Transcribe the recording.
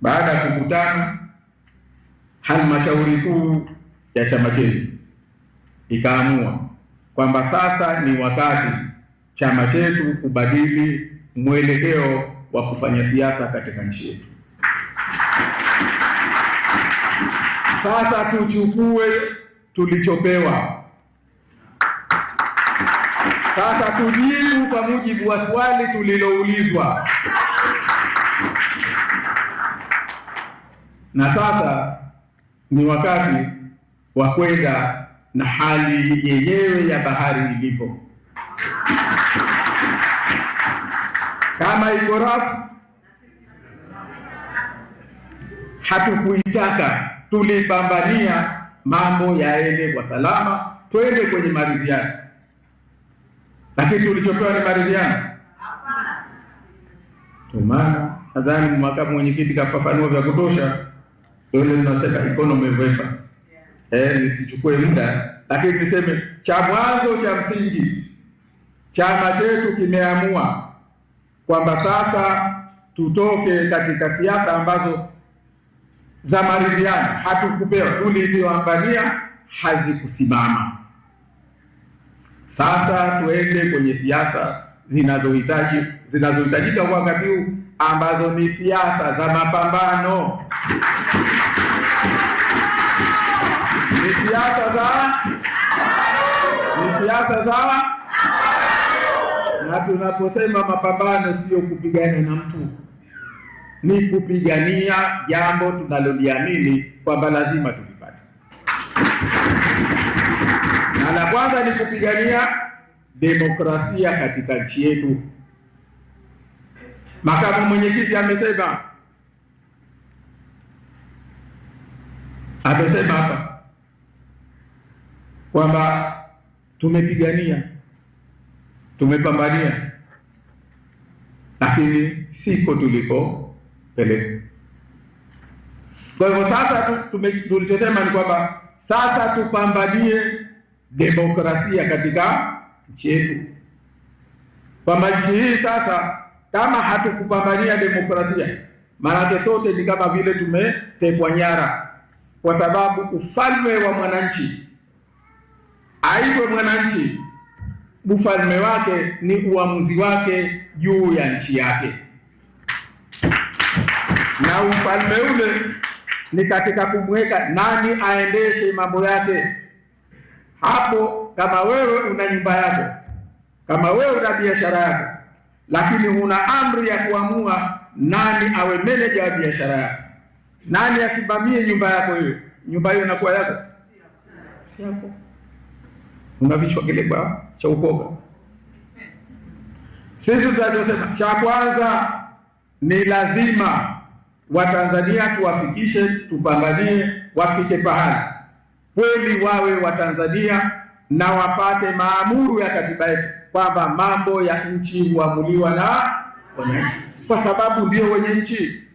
baada ya kukutana halmashauri kuu ya chama chetu ikaamua kwamba sasa ni wakati chama chetu kubadili mwelekeo wa kufanya siasa katika nchi yetu. Sasa tuchukue tulichopewa. Sasa tujibu kwa mujibu wa swali tuliloulizwa. na sasa ni wakati wa kwenda na hali yenyewe ya bahari ilivyo. Kama iko rafu, hatukuitaka, tulipambania mambo yaende kwa salama, twende kwenye maridhiano, lakini tulichopewa ni maridhiano. Hapana. Tumana, nadhani makamu mwenyekiti kafafanua vya kutosha. Ndio ile tunasema economy of effort. Eh, nisichukue muda lakini niseme cha mwanzo cha msingi, chama chetu kimeamua kwamba sasa tutoke katika siasa ambazo za maridhiano. Hatukupewa, tulivyoangalia hazikusimama. Sasa tuende kwenye siasa zinazohitaji zinazohitajika wakati huu ambazo ni siasa za mapambano. siasa za ni siasa za, na tunaposema mapambano sio kupigana na mtu, ni kupigania jambo tunaloliamini kwamba lazima tulipate, na la kwanza ni kupigania demokrasia katika nchi yetu. Makamu mwenyekiti amesema amesema hapa kwamba tumepigania, tumepambania, lakini siko tulipopeleka. Kwa hivyo sasa tulichosema ni kwamba sasa tupambanie demokrasia katika nchi yetu, kwamba nchi hii sasa, kama hatukupambania demokrasia, maanake sote ni kama vile tumetekwa nyara, kwa sababu ufalme wa mwananchi aitwe mwananchi, ufalme wake ni uamuzi wake juu ya nchi yake, na ufalme ule ni katika kumweka nani aendeshe mambo yake. Hapo kama wewe una nyumba yako, kama wewe una biashara yako, lakini una amri ya kuamua nani awe meneja wa biashara yako, nani asimamie nyumba yako hiyo, nyumba hiyo inakuwa yako, si yako unavishwa kileba cha ukoga. Sisi tunachosema cha kwanza ni lazima Watanzania tuwafikishe, tupambanie wafike pahali kweli wawe Watanzania na wafate maamuru ya katiba yetu kwamba mambo ya nchi huamuliwa na wananchi, kwa sababu ndio wenye nchi.